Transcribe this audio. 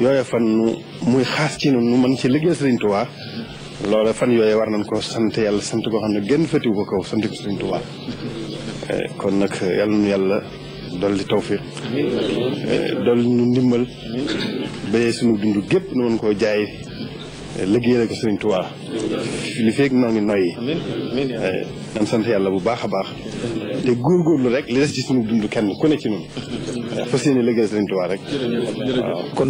yooye fan muy xaas ci nu man ci liggéey Sëriñ Tuubaa loola fan yooye war nañ ko sant yàlla sant koo xam ne gën fëtiwu ko kaw sant ko Sëriñ Tuubaa eh, kon nag yàlla nu yàlla dolli tawfiq eh, dolli nu ndimbal béyee suñu dund gépp nu koo jaay eh, liggéeyal ko Sëriñ Tuubaa li feeg noo ngi noyyi nan sant yàlla bu baax a baax te góor góorgóorlu rek li des ci sunu dund kenn ku ne ci ñun fas yéene liggéeyal Sëriñ Tuubaa rek